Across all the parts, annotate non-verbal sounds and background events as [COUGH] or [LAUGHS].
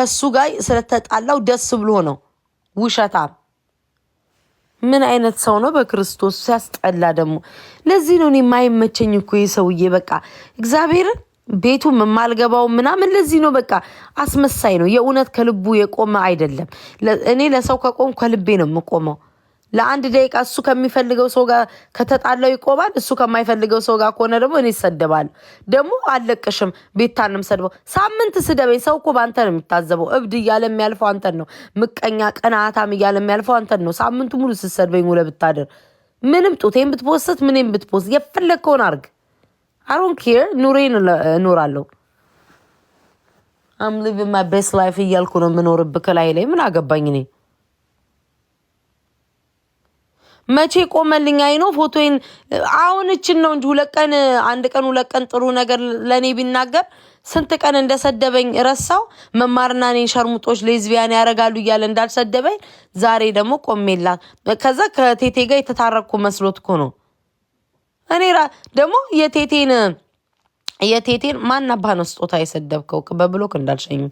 ከሱ ጋር ስለተጣላው ደስ ብሎ ነው። ውሸታም ምን አይነት ሰው ነው? በክርስቶስ ሲያስጠላ ደግሞ። ለዚህ ነው እኔ የማይመቸኝ እኮ ሰውዬ። በቃ እግዚአብሔርን ቤቱ የማልገባው ምናምን ለዚህ ነው። በቃ አስመሳይ ነው። የእውነት ከልቡ የቆመ አይደለም። እኔ ለሰው ከቆም ከልቤ ነው የምቆመው። ለአንድ ደቂቃ እሱ ከሚፈልገው ሰው ጋር ከተጣላው ይቆማል። እሱ ከማይፈልገው ሰው ጋር ከሆነ ደግሞ እኔ ይሰደባል። ደግሞ አለቅሽም። ቤታን ነው ሳምንት ስደበኝ። ሰው እኮ በአንተ ነው የሚታዘበው። እብድ እያለ የሚያልፈው አንተን ነው። ምቀኛ ቀናታም እያለ የሚያልፈው አንተን ነው። ሳምንቱ ሙሉ ስትሰድበኝ ውለህ ብታደር ምንም ጡቴን ብትፖስት ምንም ብትፖስት የፈለግከውን አርግ። አሮን ኬር ኑሬን እኖራለሁ። አም ሊቪንግ ማይ ቤስት ላይፍ እያልኩ ነው የምኖርብህ። ከላይ ላይ ምን አገባኝ እኔ መቼ ቆመልኝ? አይኖ ነው ፎቶዬን አሁንችን ነው እንጂ ሁለት ቀን አንድ ቀን ሁለት ቀን ጥሩ ነገር ለእኔ ቢናገር ስንት ቀን እንደሰደበኝ ረሳው። መማርና እኔን ሸርሙጦች ሌዝቢያን ያደርጋሉ እያለ እንዳልሰደበኝ ዛሬ ደግሞ ቆሜላት። ከዛ ከቴቴ ጋር የተታረቅኩ መስሎት እኮ ነው እኔ ደግሞ የቴቴን የቴቴን ማን አባ ነው ስጦታ የሰደብከው? በብሎክ እንዳልሸኝ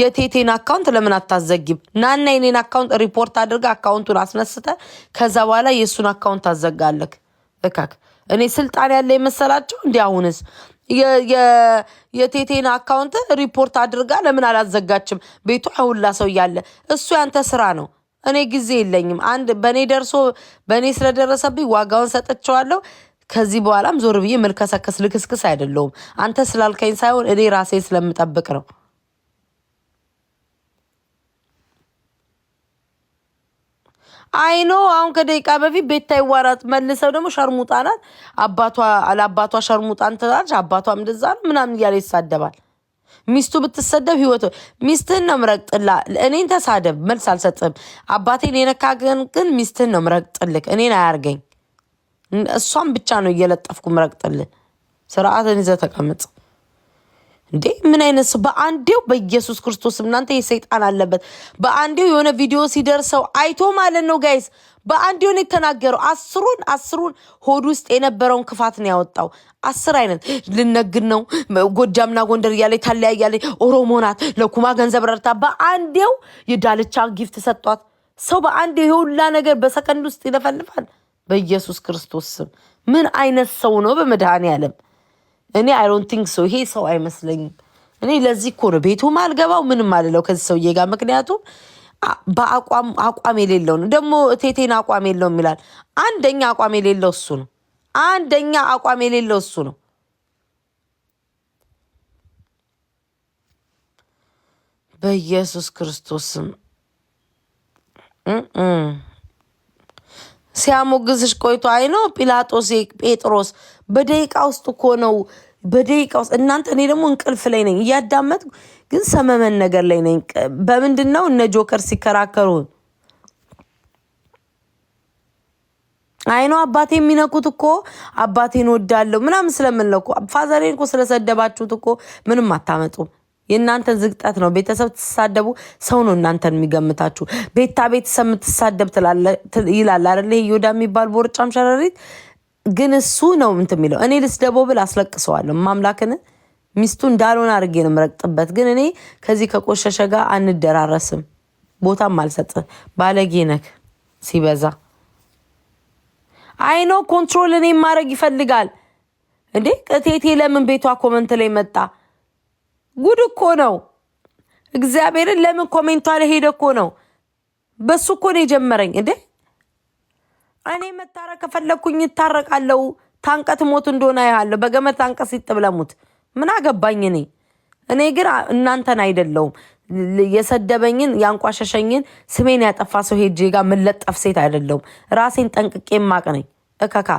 የቴቴን አካውንት ለምን አታዘጊም? ናና የኔን አካውንት ሪፖርት አድርገ አካውንቱን አስነስተ ከዛ በኋላ የእሱን አካውንት አዘጋለክ። እካክ እኔ ስልጣን ያለ የመሰላቸው እንዲ። አሁንስ የቴቴን አካውንት ሪፖርት አድርጋ ለምን አላዘጋችም? ቤቱ ሁላ ሰው እያለ እሱ ያንተ ስራ ነው። እኔ ጊዜ የለኝም። አንድ በእኔ ደርሶ በእኔ ስለደረሰብኝ ዋጋውን ሰጥቼዋለሁ። ከዚህ በኋላም ዞር ብዬ መልከሰከስ ልክስክስ አይደለውም። አንተ ስላልከኝ ሳይሆን እኔ ራሴ ስለምጠብቅ ነው። አይኖ አሁን ከደቂቃ በፊት ቤታ ይዋራት መልሰው ደግሞ ሸርሙጣ ናት፣ ለአባቷ ሸርሙጣ እንትላለች፣ አባቷም እንደዛ ነው ምናምን እያለ ይሳደባል። ሚስቱ ብትሰደብ ህይወት ሚስትህን ነው ምረግጥላ። እኔን ተሳደብ መልስ አልሰጥም። አባቴን የነካገን ግን ሚስትህን ነው ምረግጥልክ። እኔን አያርገኝ። እሷን ብቻ ነው እየለጠፍኩ ምረግጥልህ። ስርዓትን ይዘ ተቀመጥ። እንዴ ምን አይነት በአንዴው በኢየሱስ ክርስቶስ እናንተ የሰይጣን አለበት። በአንዴው የሆነ ቪዲዮ ሲደርሰው አይቶ ማለት ነው ጋይስ፣ በአንዴው ነው የተናገረው። አስሩን አስሩን ሆድ ውስጥ የነበረውን ክፋት ነው ያወጣው። አስር አይነት ልነግድ ነው ጎጃምና ጎንደር እያለ ታለያያለ ኦሮሞ ናት ለኩማ ገንዘብ ረድታ በአንዴው የዳልቻ ጊፍት ሰጧት። ሰው በአንዴው የሁላ ነገር በሰከንድ ውስጥ ይለፈልፋል። በኢየሱስ ክርስቶስ ስም ምን አይነት ሰው ነው? በመድኃኔ ዓለም እኔ አይሮን ቲንክ ሰው ይሄ ሰው አይመስለኝም። እኔ ለዚህ እኮ ነው ቤቱም አልገባው ምንም አልለው ከዚህ ሰውዬ ጋር ምክንያቱም በአቋም አቋም የሌለው ነው። ደግሞ እቴቴን አቋም የለውም ይላል። አንደኛ አቋም የሌለው እሱ ነው። አንደኛ አቋም የሌለው እሱ ነው። በኢየሱስ ክርስቶስም ሲያሞግዝሽ ቆይቶ አይ ነው ጲላጦስ ጴጥሮስ በደቂቃ ውስጥ እኮ ነው በደቂቃ ውስጥ እናንተ። እኔ ደግሞ እንቅልፍ ላይ ነኝ እያዳመጥኩ፣ ግን ሰመመን ነገር ላይ ነኝ። በምንድን ነው እነ ጆከር ሲከራከሩ አይኖ አባቴ የሚነኩት እኮ አባቴን ወዳለሁ ምናምን ስለምንለኩ ፋዘሬን እኮ ስለሰደባችሁት እኮ ምንም አታመጡም። የእናንተን ዝቅጠት ነው። ቤተሰብ ትሳደቡ፣ ሰው ነው እናንተን የሚገምታችሁ። ቤታ ቤተሰብ የምትሳደብ ይላል አይደለ? ዮዳ የሚባል ቦርጫም ሸረሪት። ግን እሱ ነው እንትን የሚለው እኔ ልስደቦ ብል አስለቅሰዋለሁ። ማምላክን ሚስቱ እንዳልሆነ አድርጌ ነው የምረቅጥበት። ግን እኔ ከዚህ ከቆሸሸ ጋር አንደራረስም፣ ቦታም አልሰጥ። ባለጌ ነክ ሲበዛ አይኖ ኮንትሮል እኔ ማድረግ ይፈልጋል እንዴ? ቅቴቴ ለምን ቤቷ ኮመንት ላይ መጣ? ጉድ እኮ ነው። እግዚአብሔርን ለምን ኮሜንቷ ላይ ሄደ እኮ ነው። በሱ እኮ ነው የጀመረኝ እንዴ። እኔ መታረቅ ከፈለግኩኝ ይታረቃለው። ታንቀት ሞት እንደሆነ ያለሁ በገመድ ታንቀት ሲጥብለሙት ምን አገባኝ እኔ እኔ ግን እናንተን አይደለውም የሰደበኝን ያንቋሸሸኝን ስሜን ያጠፋ ሰው ሄጄ ጋር ምለጠፍ ሴት አይደለውም። ራሴን ጠንቅቄ ማቅ ነኝ። እከካ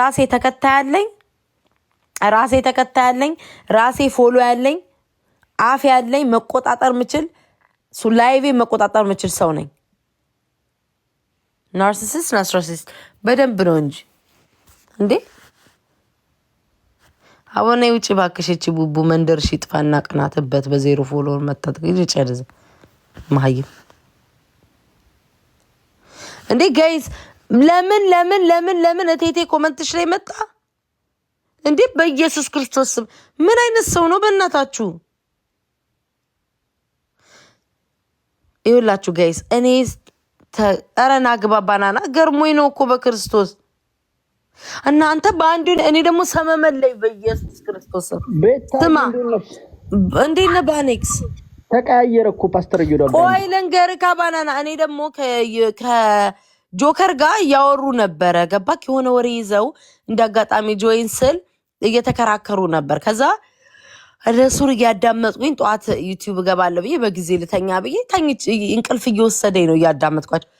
ራሴ ተከታይ አለኝ። ራሴ ተከታይ ያለኝ፣ ራሴ ፎሎ ያለኝ፣ አፍ ያለኝ፣ መቆጣጠር ምችል ሱላይቬ መቆጣጠር ምችል ሰው ነኝ። ናርሲሲስት ናርሲሲስት በደንብ ነው እንጂ እንዴ አሁን ውጭ ባክሸች ቡቡ መንደር ሽጥፋና ቅናትበት በዜሮ ፎሎወር መታት ጨርዝ ማህይም እንዴ ጋይዝ ለምን ለምን ለምን ለምን እቴቴ ኮመንትሽ ላይ መጣ? እንዴት በኢየሱስ ክርስቶስ ስም ምን አይነት ሰው ነው? በእናታችሁ ይውላችሁ ጋይስ፣ እኔ ተረና ግባ ባናና ገርሞኝ ነው እኮ በክርስቶስ እናንተ በአንዱ እኔ ደግሞ ሰመመለይ በኢየሱስ ክርስቶስ ስማ፣ እንዴት ባኔክስ? ተቀያየረ እኮ ፓስተር ጆዳ። ቆይ ልንገርህ ካባናና እኔ ደግሞ ከጆከር ጋር እያወሩ ነበረ። ገባክ? የሆነ ወሬ ይዘው እንደ አጋጣሚ ጆይን ስል እየተከራከሩ ነበር። ከዛ እነሱን እያዳመጥኩኝ ጠዋት ዩቲዩብ እገባለሁ ብዬ በጊዜ ልተኛ ብዬ እንቅልፍ እየወሰደኝ ነው እያዳመጥኳቸው።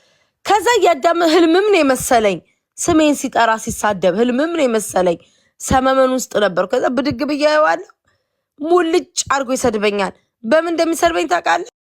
ከዛ እያዳመ ህልምም ነው የመሰለኝ ስሜን ሲጠራ ሲሳደብ ህልምም ነው የመሰለኝ ሰመመን ውስጥ ነበር። ከዛ ብድግ ብዬ አየዋለሁ ሙልጭ አድርጎ ይሰድበኛል። በምን እንደሚሰድበኝ ታውቃለህ?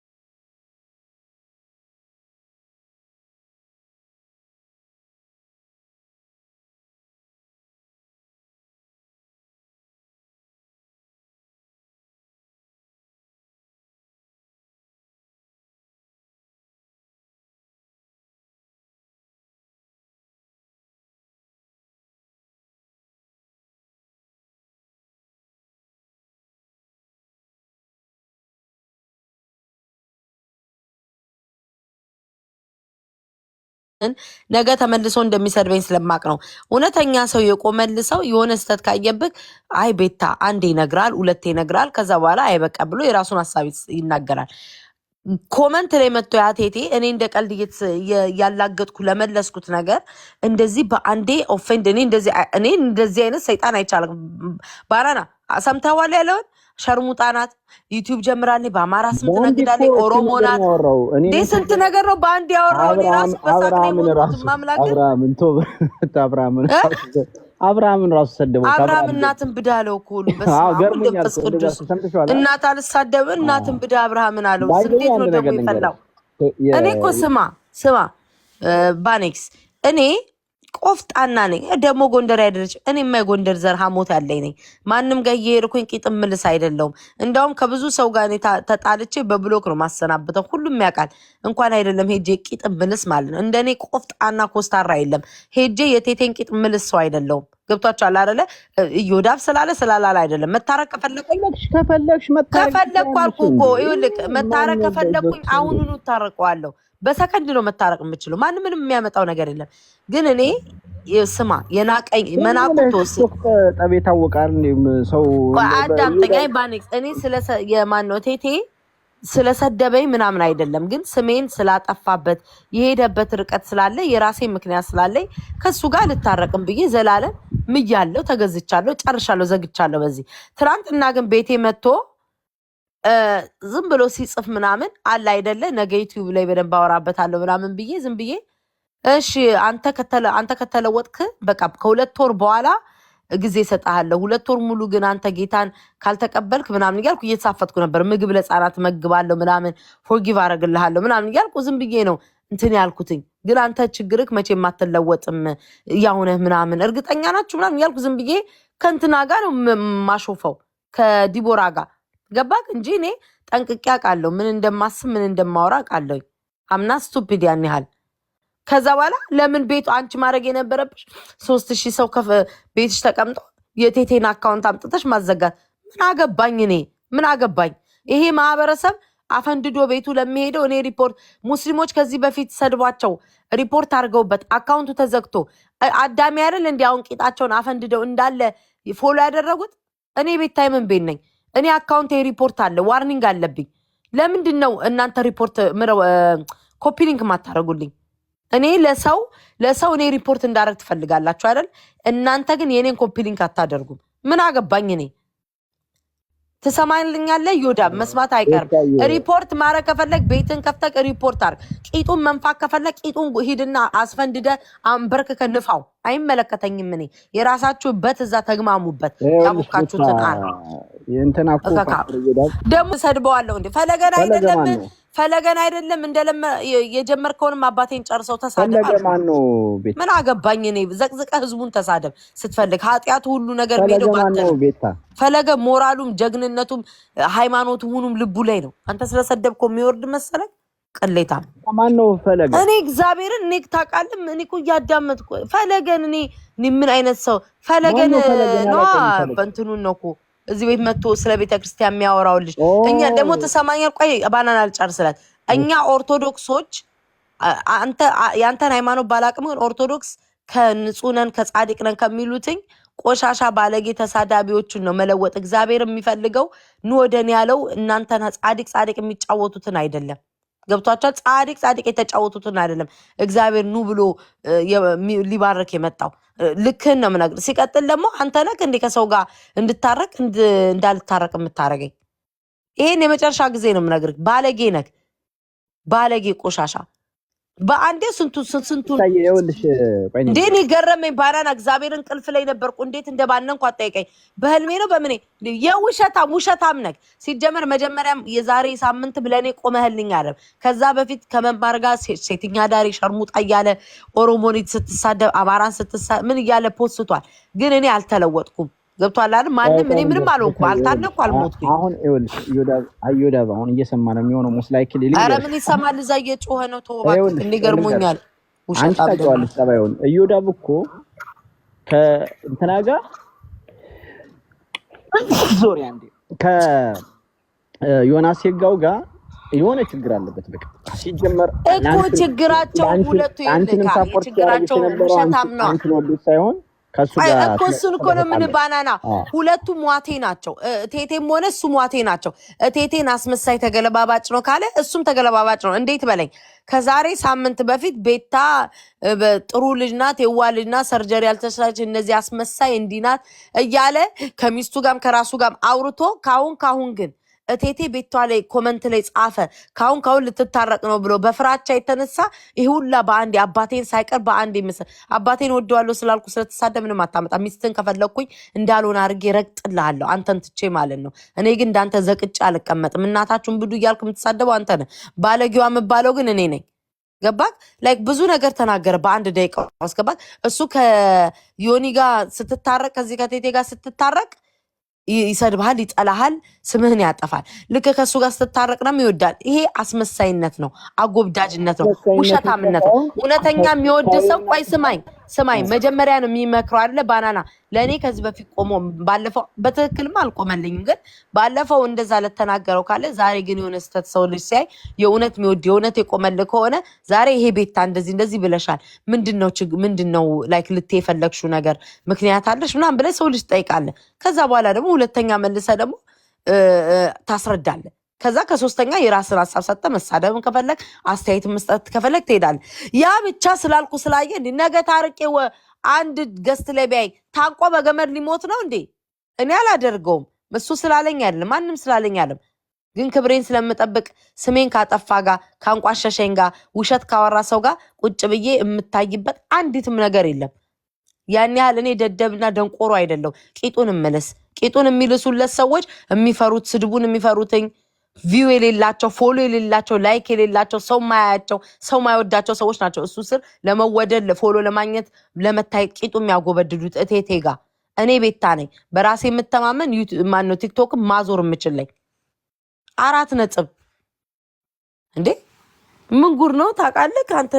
ነገ ተመልሶ እንደሚሰድበኝ ስለማቅ ነው። እውነተኛ ሰው የቆመልሰው የሆነ ስህተት ካየብህ አይ ቤታ አንድ ይነግራል፣ ሁለት ይነግራል። ከዛ በኋላ አይበቃ ብሎ የራሱን ሀሳብ ይናገራል። ኮመንት ላይ መጥቶ ያቴቴ እኔ እንደ ቀልድ ያላገጥኩ ለመለስኩት ነገር እንደዚህ በአንዴ ኦፌንድ እኔ እንደዚህ አይነት ሰይጣን አይቻልም። ባራና ሰምተዋል ያለውን ሸርሙጣ ናት። ዩቲዩብ ጀምራለች። በአማራ ስም ትነግዳለች። ኦሮሞ ናት። ስንት ነገር ነው በአንድ ያወራው። አብርሃምን ራሱ ሰደበው። አብርሃም እናትን ብዳ አለው እኮ ሁሉ በስመአብ ቅዱስ እናት አልሳደብ እናትን ብዳ አብርሃምን አለው። እንዴት ነው ደግሞ ይፈላው? እኔ እኮ ስማ ስማ ባኔክስ እኔ ቆፍጣና ነኝ ደግሞ ጎንደር ያደረች እኔማ የጎንደር ዘር ሀሞት ያለኝ ነኝ። ማንም ጋር እየሄድኩኝ ቂጥም ምልስ አይደለውም። እንዳውም ከብዙ ሰው ጋር ተጣልቼ በብሎክ ነው ማሰናብተው። ሁሉም ያውቃል። እንኳን አይደለም ሄጄ ቂጥም ምልስ ማለት ነው። እንደኔ ቆፍጣና ኮስታራ የለም። ሄጄ የቴቴን ቂጥም ምልስ ሰው አይደለውም። ገብቷችኋል አይደለ? እዮዳብ ስላለ ስላላለ አይደለም። መታረቅ ከፈለግኩኝ መታረቅ ከፈለግኩ አልኩ እኮ ይኸውልህ፣ መታረቅ ከፈለግኩኝ አሁኑኑ እታረቀዋለሁ። በሰከንድ ነው መታረቅ የምችለው። ማንም ምንም የሚያመጣው ነገር የለም። ግን እኔ ስማ የናቀኝ መናቁ ተወስጠብ የታወቃል። ሰው አዳምጠኛ ባኔክስ እኔ የማነው ቴቴ ስለሰደበኝ ምናምን አይደለም። ግን ስሜን ስላጠፋበት የሄደበት ርቀት ስላለ የራሴ ምክንያት ስላለኝ ከሱ ጋር ልታረቅም ብዬ ዘላለም ምያለው፣ ተገዝቻለሁ፣ ጨርሻለሁ፣ ዘግቻለሁ። በዚህ ትናንትና ግን ቤቴ መጥቶ ዝም ብሎ ሲጽፍ ምናምን አለ አይደለ፣ ነገ ዩቲዩብ ላይ በደንብ አወራበታለሁ ምናምን ብዬ ዝም ብዬ እሺ፣ አንተ ከተለወጥክ በቃ ከሁለት ወር በኋላ ጊዜ እሰጥሃለሁ። ሁለት ወር ሙሉ ግን አንተ ጌታን ካልተቀበልክ ምናምን እያልኩ እየተሳፈጥኩ ነበር። ምግብ ለሕፃናት መግባለሁ ምናምን ፎርጊቭ አረግልሃለሁ ምናምን እያልኩ ዝም ብዬ ነው እንትን ያልኩትኝ። ግን አንተ ችግርክ መቼም አትለወጥም እያሁነህ ምናምን እርግጠኛ ናችሁ ምናምን እያልኩ ዝም ብዬ ከእንትና ጋር ነው ማሾፈው ከዲቦራ ጋር ገባክ እንጂ እኔ ጠንቅቄ አውቃለሁ፣ ምን እንደማስብ ምን እንደማወራ አውቃለሁ። አምና ስቱፒድ ያን ያህል ከዛ በኋላ ለምን ቤቱ አንቺ ማድረግ የነበረብሽ ሶስት ሺህ ሰው ቤትሽ ተቀምጦ የቴቴን አካውንት አምጥተሽ ማዘጋት ምን አገባኝ እኔ ምን አገባኝ ይሄ ማህበረሰብ አፈንድዶ ቤቱ ለሚሄደው እኔ ሪፖርት ሙስሊሞች ከዚህ በፊት ሰድቧቸው ሪፖርት አድርገውበት አካውንቱ ተዘግቶ አዳሚ አይደል እንዲ አሁን ቂጣቸውን አፈንድደው እንዳለ ፎሎ ያደረጉት እኔ ቤት ታይምን ቤት ነኝ እኔ አካውንት ሪፖርት አለ፣ ዋርኒንግ አለብኝ። ለምንድን ነው እናንተ ሪፖርት ምረው ኮፒ ሊንክ ማታደርጉልኝ? እኔ ለሰው ለሰው እኔ ሪፖርት እንዳደረግ ትፈልጋላችሁ አይደል? እናንተ ግን የእኔን ኮፒ ሊንክ አታደርጉም። ምን አገባኝ እኔ ትሰማልኛለህ? ይሁዳ መስማት አይቀርም። ሪፖርት ማድረግ ከፈለግ ቤትን ከፍተህ ሪፖርት አድርግ። ቂጡን መንፋት ከፈለግ ቂጡን ሂድና አስፈንድደ አንበርክከ ንፋው። አይመለከተኝም። እኔ የራሳችሁበት እዛ ተግማሙበት። ያቡካችሁትን አር ደግሞ ሰድበዋለሁ። እንዲ ፈለገን አይደለም ፈለገን አይደለም እንደለመ የጀመርከውንም አባቴን ጨርሰው ተሳደብ። ምን አገባኝ እኔ ዘቅዝቀ ህዝቡን ተሳደብ ስትፈልግ ኃጢአቱ ሁሉ ነገር ቤዶ ፈለገ ሞራሉም ጀግንነቱም ሃይማኖቱ ሁኑም ልቡ ላይ ነው። አንተ ስለሰደብኮ የሚወርድ መሰለ ቅሌታም ማነው ፈለገ? እኔ እግዚአብሔርን እኔ ታውቃለህ፣ እኔ እኮ እያዳመጥኩ ፈለገን እኔ ምን አይነት ሰው ፈለገን ነዋ። በእንትኑን ነው እኮ እዚህ ቤት መጥቶ ስለ ቤተ ክርስቲያን የሚያወራው ልጅ። እኛ ደግሞ ተሰማኛል። ቆይ ባናን አልጨርስላት። እኛ ኦርቶዶክሶች የአንተን ሃይማኖት ባላቅም፣ ግን ኦርቶዶክስ ከንጹህ ነን ከጻድቅ ነን ከሚሉትኝ ቆሻሻ ባለጌ ተሳዳቢዎቹን ነው መለወጥ እግዚአብሔር የሚፈልገው። ኑ ወደን ያለው እናንተና ጻድቅ ጻድቅ የሚጫወቱትን አይደለም። ገብቷቸዋል። ጻድቅ ጻድቅ የተጫወቱትን አይደለም። እግዚአብሔር ኑ ብሎ ሊባርክ የመጣው ልክህን ነው የምነግርህ። ሲቀጥል ደግሞ አንተ ነክ እንዲ ከሰው ጋር እንድታረቅ እንዳልታረቅ የምታረገኝ? ይህን የመጨረሻ ጊዜ ነው የምነግርህ። ባለጌ ነክ ባለጌ ቆሻሻ በአንዴ ስንቱ ስንቱ እንዴን የገረመኝ ባናና እግዚአብሔር እንቅልፍ ላይ ነበርኩ። እንዴት እንደባነንኩ አጠይቀኝ። በህልሜ ነው በምን የውሸታም ውሸታም ነክ ሲጀመር መጀመሪያም የዛሬ ሳምንት ብለኔ ቆመህልኝ አለም። ከዛ በፊት ከመማር ጋር ሴትኛ ዳሪ ሸርሙጣ እያለ ኦሮሞኒት ስትሳደብ አማራን ስትሳ ምን እያለ ፖስቷል። ግን እኔ አልተለወጥኩም። ገብቷል አይደል? ማንም እኔ ምንም አልሆንኩ፣ አልታነኩ፣ አልሞትኩኝ። አሁን ይኸውልሽ አዮዳብ አሁን እየሰማ ነው የሚሆነው። ላይክ ክልል ኧረ ምን ይሰማል? እዛ እየጮኸ ነው። ተወባት እንዲገርሞኛል። አንቺ ታውቂዋለሽ ጠባዩን። እዮዳብ እኮ ከእንትና ጋር ዞሪ አንዴ ከዮናስ ሄጋው ጋር የሆነ ችግር አለበት። በቃ ሲጀመር እኮ ችግራቸው ሁለቱ ይልካ ችግራቸው ውሸታም ነው ሳይሆን ከሱ እኮ እሱን እኮ ነው ምን ባናና ሁለቱ ሟቴ ናቸው። ቴቴም ሆነ እሱ ሟቴ ናቸው። ቴቴን አስመሳይ ተገለባባጭ ነው ካለ እሱም ተገለባባጭ ነው። እንዴት በለኝ። ከዛሬ ሳምንት በፊት ቤታ ጥሩ ልጅ ናት፣ የዋ ልጅ ናት፣ ሰርጀሪ ያልተሰራች እነዚህ አስመሳይ እንዲናት እያለ ከሚስቱ ጋርም ከራሱ ጋርም አውርቶ ካሁን ካሁን ግን እቴቴ ቤቷ ላይ ኮመንት ላይ ጻፈ ካሁን ካሁን ልትታረቅ ነው ብሎ በፍራቻ የተነሳ ይህ ሁላ በአንዴ አባቴን ሳይቀር በአንዴ ምስል አባቴን ወደዋለሁ ስላልኩ ስለተሳደ ምንም አታመጣ። ሚስትን ከፈለግኩኝ እንዳልሆነ አድርጌ ረግጥልሃለሁ አንተን ትቼ ማለት ነው። እኔ ግን እንዳንተ ዘቅጬ አልቀመጥም። እናታችሁን ብዱ እያልክ የምትሳደበው አንተ ነህ። ባለጌዋ የምባለው ግን እኔ ነኝ። ገባት ላይክ ብዙ ነገር ተናገረ በአንድ ደቂቃ ውስጥ እሱ ከዮኒ ጋር ስትታረቅ ከዚህ ከቴቴ ጋር ስትታረቅ ይሰድብሃል፣ ይጠላሃል፣ ስምህን ያጠፋል። ልክ ከእሱ ጋር ስትታረቅ ነው ይወዳል። ይሄ አስመሳይነት ነው፣ አጎብዳጅነት ነው፣ ውሸታምነት ነው። እውነተኛ የሚወድ ሰው ቆይ ስማኝ ስማኝ መጀመሪያ ነው የሚመክረው አለ ባናና ለእኔ ከዚህ በፊት ቆሞ ባለፈው በትክክልም አልቆመልኝም፣ ግን ባለፈው እንደዛ ለተናገረው ካለ ዛሬ ግን የሆነ ስህተት ሰው ልጅ ሲያይ የእውነት የሚወድ የእውነት የቆመልህ ከሆነ ዛሬ ይሄ ቤታ እንደዚህ እንደዚህ ብለሻል፣ ምንድነው ላይክ ልት የፈለግሽው ነገር ምክንያት አለሽ ምናምን ብለህ ሰው ልጅ ትጠይቃለህ። ከዛ በኋላ ደግሞ ሁለተኛ መልሰህ ደግሞ ታስረዳለህ። ከዛ ከሶስተኛ የራስን ሀሳብ ሰጠ መሳደብን ከፈለግ አስተያየት መስጠት ከፈለግ ትሄዳል። ያ ብቻ ስላልኩ ስላየ ነገ ታርቄ አንድ ገስት ላይ ቢያይ ታንቆ በገመድ ሊሞት ነው እንዴ? እኔ አላደርገውም። እሱ ስላለኝ አይደለም፣ ማንም ስላለኝ አይደለም። ግን ክብሬን ስለምጠብቅ ስሜን ካጠፋ ጋር ካንቋሸሸኝ ጋር ውሸት ካወራ ሰው ጋር ቁጭ ብዬ የምታይበት አንዲትም ነገር የለም። ያን ያህል እኔ ደደብና ደንቆሮ አይደለሁ። ቂጡን እምልስ ቂጡን የሚልሱለት ሰዎች የሚፈሩት ስድቡን የሚፈሩትኝ ቪው የሌላቸው ፎሎ የሌላቸው ላይክ የሌላቸው ሰው ማያቸው ሰው ማይወዳቸው ሰዎች ናቸው እሱ ስር ለመወደድ ፎሎ ለማግኘት ለመታየት ቂጡ የሚያጎበድዱት እቴቴ ጋ እኔ ቤታ ነኝ በራሴ የምተማመን ማነው ቲክቶክ ማዞር የምችለኝ አራት ነጥብ እንዴ ምን ጉር ነው ታውቃለህ ከአንተ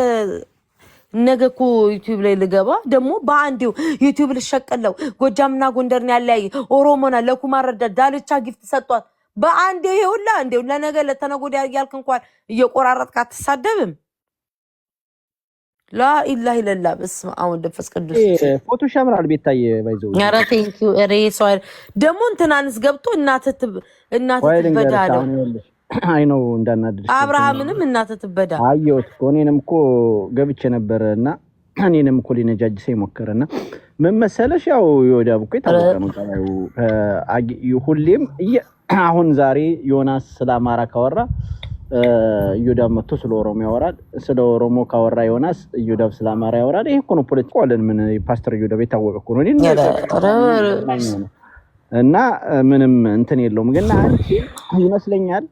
ነገ እኮ ዩቲዩብ ላይ ልገባ ደግሞ በአንዴው ዩቲዩብ ልሸቀለው ጎጃምና ጎንደርን ያለያየ ኦሮሞና ለኩማ ረዳ ዳልቻ ጊፍት ሰጧት በአንዴ ይሁላ እንዴው ለነገ ለተነጎዳ ያልክ እንኳን እየቆራረጥክ አትሳደብም። ላኢላ ይለላ በስመ አብ ወወልድ ወመንፈስ ቅዱስ። ፎቶ ሻምራል ቤታዬ ባይዘው ኧረ ቴንክ ዩ ሬ ሶል ደግሞ እንትናንስ ገብቶ እናትህ እናትህ ትበዳለ አይ ነው እንዳናድርሽ አብርሃምንም እናትህ ትበዳ አየሁት እኮ እኔንም እኮ ገብቼ ነበረ እና እኔንም እኮ ሊነጃጅሰኝ ሞከረና ምን መሰለሽ ያው ይወዳብ እኮ የታወቀ ነው ሁሌም አሁን ዛሬ ዮናስ ስለ አማራ ካወራ እዮዳብ መጥቶ ስለ ኦሮሞ ያወራል። ስለ ኦሮሞ ካወራ ዮናስ እዮዳብ ስለ አማራ ያወራል። ይሄ እኮ ነው ፖለቲካ አለን። ምን ፓስተር እዮዳብ የታወቀ እኮ ነው እና ምንም እንትን የለውም። ግን አንቺ ይመስለኛል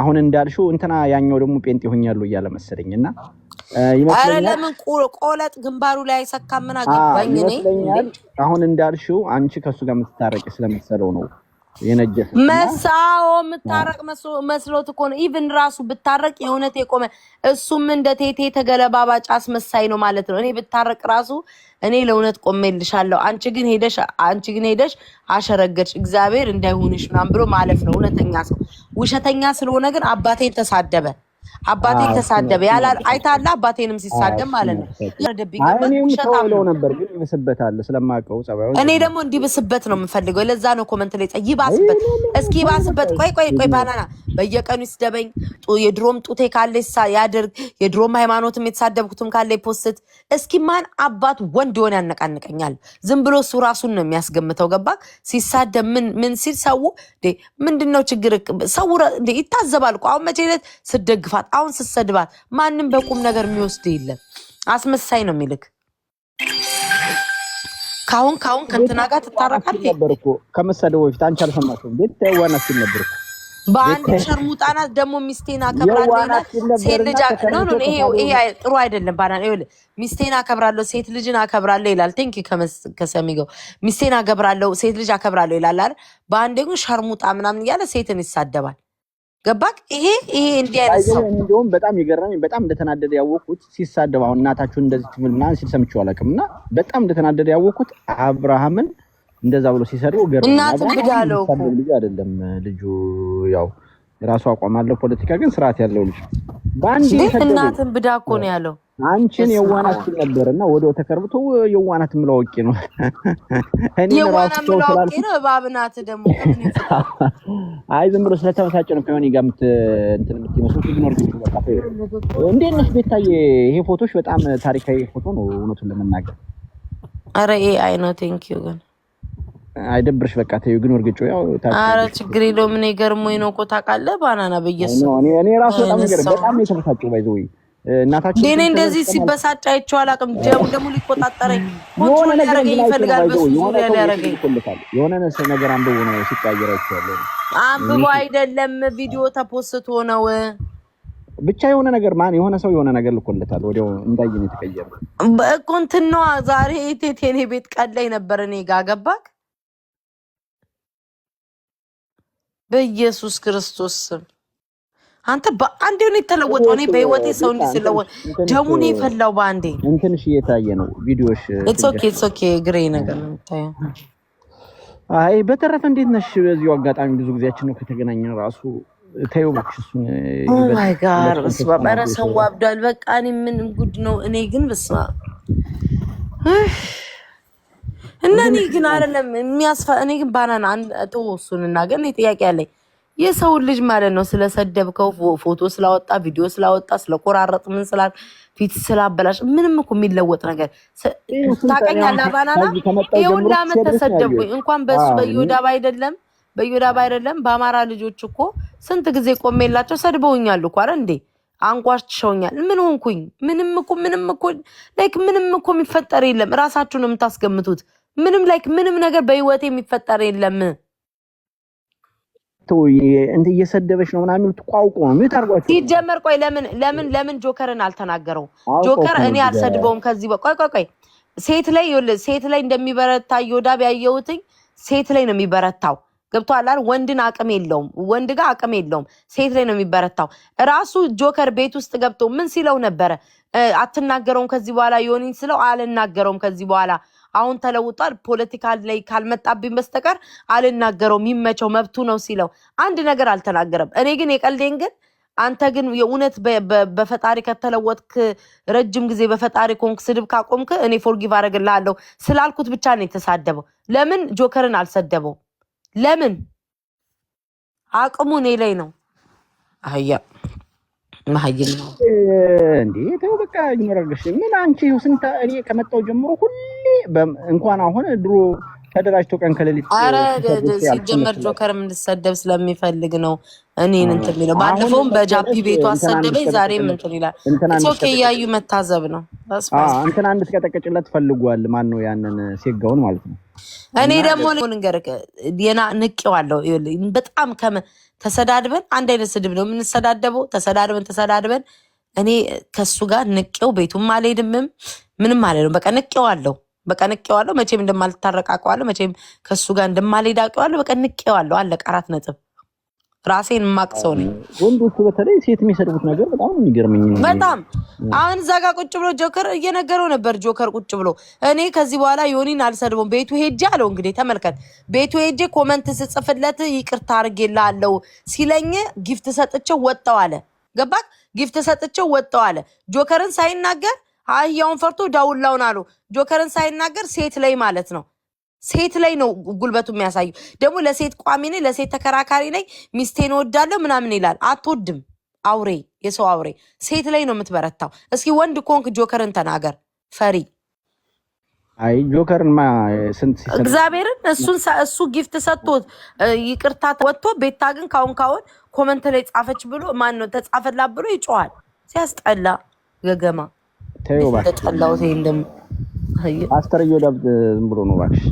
አሁን እንዳልሽው እንትና ያኛው ደግሞ ጴንጤ ሆኛለሁ እያለ መሰለኝ እና ኧረ ለምን ቆለጥ ግንባሩ ላይ አይሰካም? ምን አገባኝ እኔ። አሁን እንዳልሽው አንቺ ከእሱ ጋር የምትታረቂ ስለመሰለው ነው የነጀሰ መሳዎ የምታረቅ መስሎት እኮ ነው። ኢቭን ራሱ ብታረቅ የእውነት የቆመ እሱም እንደ ቴቴ ተገለባባጭ አስመሳይ ነው ማለት ነው። እኔ ብታረቅ ራሱ እኔ ለእውነት ቆሜልሻለሁ፣ አንቺ ግን ሄደሽ አንቺ ግን ሄደሽ እግዚአብሔር እንዳይሆንሽ ምናምን ብሎ ማለፍ ነው እውነተኛ ሰው። ውሸተኛ ስለሆነ ግን አባቴን ተሳደበ። አባቴ ተሳደበ ያላል አይታለ አባቴንም ሲሳደብ ማለት ነው። ነበር ግን ይብስበታል ስለማውቀው እኔ ደግሞ እንዲብስበት ነው የምፈልገው። ለዛ ነው ኮመንት ላይ ይባስበት፣ እስኪ ይባስበት። ቆይ ቆይ ቆይ ባናና በየቀኑ ይስደበኝ። የድሮም ጡቴ ካለ ያደርግ፣ የድሮም ሃይማኖትም የተሳደብኩትም ካለ ፖስት። እስኪ ማን አባት ወንድ ሆን ያነቃንቀኛል? ዝም ብሎ እሱ ራሱን ነው የሚያስገምተው። ገባ ሲሳደብ ምን ምን ሲል ሰው ምንድነው ችግር? ሰው ይታዘባል። አሁን መቼ ዕለት ስደግፍ ስትደግፋት፣ አሁን ስትሰድባት ማንም በቁም ነገር የሚወስድ የለም። አስመሳይ ነው የሚልክ ካሁን ካሁን ከእንትና ጋር ትታረቃለህ ነበር እኮ ከመሰደቡ በፊት አንቺ አልሰማሽም። ቤት ዋና ሲል ነበር እኮ በአንድ ሸርሙጣና ደግሞ ሚስቴን አከብራለሁ ሴት ልጅ ይሄ ጥሩ አይደለም። ባና ሚስቴን አከብራለሁ ሴት ልጅን አከብራለሁ ይላል። ቲንክ ከሰሚገው ሚስቴን አከብራለሁ ሴት ልጅ አከብራለሁ ይላል አይደል? በአንዴ ግን ሸርሙጣ ምናምን እያለ ሴትን ይሳደባል። ገባክ? ይሄ ይሄ እንዲህ አይነት ሰው እንዲሁም በጣም የገረመኝ በጣም እንደተናደደ ያወቅኩት ሲሳደብ፣ አሁን እናታችሁ እንደዚህ ትብል ምናምን ሲል ሰምቼው አላውቅም። እና በጣም እንደተናደደ ያወቅኩት አብርሃምን እንደዛ ብሎ ሲሰድበው ገረመኝ። እናት ልጅ አይደለም ልጁ ያው የራሱ አቋም አለው። ፖለቲካ ግን ስርዓት ያለው ልጅ እናትን ብዳ እኮ ነው ያለው። አንቺን የዋናት ነበር እና ወደ ተከርብቶ የዋናት የምለው አውቄ ነው [LAUGHS] የዋና የምለው አውቄ ነው። እባብ ደግሞ [LAUGHS] አይ ዝም ብሎ ስለተመሳጨ ነው ከሆነ ጋር እንትን የምትመስሉት ኢግኖር ግ እንዴት ነሽ ቤታዬ? ይሄ ፎቶች በጣም ታሪካዊ ፎቶ ነው እውነቱን ለመናገር። አረ አይ ነው ቴንኪዩ ግን አይደብርሽ በቃ ተይው። ግን ወርግጮ ያው ኧረ ችግር የለውም። ምን ገርሞኝ ነው እኮ ታውቃለህ፣ ባናና በየሱ እኔ ራሱ በጣም ነገር በጣም የተበሳጨው ባይዘው እናታችን እኔ እንደዚህ ሲበሳጭ አይቼው አላውቅም። ደሙ ደሙ ሊቆጣጠረኝ ሆነ ነገር ይፈልጋል። በሱ ዙሪያ ሊያደርገኝ የሆነ ነገር አንብቦ ነው ሲቀያየር አይቼዋለሁ። አንብቦ አይደለም ቪዲዮ ተፖስቶ ነው ብቻ የሆነ ነገር ማን የሆነ ሰው የሆነ ነገር ልኮለታል። ወዲያው እንዳየን የተቀየረ እኮ እንትን ነዋ። ዛሬ ቴቴኔ ቤት ቀን ላይ ነበር እኔ ጋር ገባክ በኢየሱስ ክርስቶስ ስም አንተ በአንዴ ነው የተለወጠው። እኔ በህይወቴ ሰው እንዲህ ስለወጥ ደሙን የፈላው በአንዴ እንትንሽ እየታየ ነው ቪዲዮሽ። ኢትስ ኦኬ ኢትስ ኦኬ ግሬ ነገር ነው የምታየው። አይ በተረፈ እንዴት ነሽ? በዚሁ አጋጣሚ ብዙ ጊዜያችን ነው ከተገናኘን ራሱ ተይው እባክሽ እሱን። ኦ ማይ ጋድ በስመ አብ! ኧረ ሰው አብዷል። በቃ እኔ ምን ጉድ ነው። እኔ ግን በስመ አብ እና እኔ ግን አይደለም የሚያስፋ እኔ ግን ባናን ባናና ተወሱን እና ግን ጥያቄ አለኝ። የሰው ልጅ ማለት ነው ስለሰደብከው፣ ፎቶ ስላወጣ፣ ቪዲዮ ስላወጣ፣ ስለቆራረጥ፣ ምን ስላል፣ ፊት ስላበላሽ ምንም እኮ የሚለወጥ ነገር ታውቀኛለህ። ባናና ይኸውልህ አመት ተሰደብኩኝ እንኳን በእሱ በዮዳብ አይደለም በዮዳብ አይደለም በአማራ ልጆች እኮ ስንት ጊዜ ቆሜላቸው ሰድበውኛል እኮ አረ እንዴ አንቋሸውኛል። ምን ሆንኩኝ? ምንም እኮ ምንም እኮ ላይክ ምንም እኮ የሚፈጠር የለም። ራሳችሁን የምታስገምቱት ምንም ላይክ ምንም ነገር በህይወት የሚፈጠር የለም። እንት እየሰደበች ነው ምናምን የሚሉት ቋውቆ ነው ታርጓቸው ሲጀመር። ቆይ ለምን ለምን ለምን ጆከርን አልተናገረው? ጆከር እኔ አልሰድበውም ከዚህ ቆይ ቆይ ቆይ ሴት ላይ ሴት ላይ እንደሚበረታ ዮዳብ ቢያየውትኝ ሴት ላይ ነው የሚበረታው። ገብቶሃል? ወንድን አቅም የለውም ወንድ ጋር አቅም የለውም። ሴት ላይ ነው የሚበረታው። ራሱ ጆከር ቤት ውስጥ ገብቶ ምን ሲለው ነበረ? አትናገረውም ከዚህ በኋላ ዮኒን ስለው አልናገረውም ከዚህ በኋላ አሁን ተለውጧል። ፖለቲካ ላይ ካልመጣብኝ በስተቀር አልናገረው የሚመቸው መብቱ ነው ሲለው አንድ ነገር አልተናገረም። እኔ ግን የቀልዴን ግን አንተ ግን የእውነት በፈጣሪ ከተለወጥክ ረጅም ጊዜ በፈጣሪ ኮንክ ስድብ ካቆምክ እኔ ፎርጊቭ አደርግልሃለሁ ስላልኩት ብቻ ነው የተሳደበው። ለምን ጆከርን አልሰደበው? ለምን አቅሙ እኔ ላይ ነው አያ መሀይም ነው እንዴ? ተው በቃ ይኖረልሽ። ምን አንቺ ስንት እኔ ከመጣሁ ጀምሮ ሁሌ እንኳን አሁን ድሮ ተደራጅቶ ቀን ከሌሊት ኧረ ሲጀመር ጆከርም እንድሰደብ ስለሚፈልግ ነው እኔን እንትን የሚለው። ባለፈውም በጃፒ ቤቱ አሰደበኝ፣ ዛሬም እንትን ይላል። ሶኬ እያዩ መታዘብ ነው። እንትን አንድ ስቀጠቀጭለት ፈልጓል። ማን ነው ያንን ሴጋውን ማለት ነው። እኔ ደግሞ ንገር የና ንቄዋለሁ በጣም ተሰዳድበን አንድ አይነት ስድብ ነው የምንሰዳደበው። ተሰዳድበን ተሰዳድበን እኔ ከሱ ጋር ንቄው ቤቱም አልሄድምም ምንም አለ ነው በቃ አለው በቃ አለው። መቼም እንደማልታረቅ አውቀዋለሁ። መቼም ከሱ ጋር እንደማልሄድ አውቀዋለሁ። በቃ አለው አለቀ። አራት ነጥብ ራሴን ማቅ ሰው ነኝ። ወንዶቹ በተለይ ሴት የሚሰድቡት ነገር በጣም የሚገርምኝ በጣም አሁን እዛ ጋር ቁጭ ብሎ ጆከር እየነገረው ነበር። ጆከር ቁጭ ብሎ እኔ ከዚህ በኋላ ዮኒን አልሰድበውም ቤቱ ሄጄ አለው። እንግዲህ ተመልከት፣ ቤቱ ሄጄ ኮመንት ስጽፍለት ይቅርታ አድርጌልሃለሁ ሲለኝ ጊፍት ሰጥቼው ወጣው አለ። ገባክ? ጊፍት ሰጥቼው ወጣው አለ። ጆከርን ሳይናገር አህያውን ፈርቶ ዳውላውን አሉ። ጆከርን ሳይናገር ሴት ላይ ማለት ነው ሴት ላይ ነው ጉልበቱ የሚያሳዩ። ደግሞ ለሴት ቋሚ ነኝ፣ ለሴት ተከራካሪ ነኝ፣ ሚስቴን እወዳለሁ ምናምን ይላል። አትወድም። አውሬ፣ የሰው አውሬ። ሴት ላይ ነው የምትበረታው። እስኪ ወንድ ኮንክ ጆከርን ተናገር ፈሪ። አይ ጆከርማ ስንት እግዚአብሔርን እሱን እሱ ጊፍት ሰጥቶት ይቅርታ ወጥቶ ቤታ ግን ካሁን ካሁን ኮመንት ላይ ጻፈች ብሎ ማን ነው ተጻፈላት ብሎ ይጮሃል። ሲያስጠላ ገገማ ተጠላውት ተጠላው ፓስተር እየወዳ ዝም ብሎ ነው እባክሽ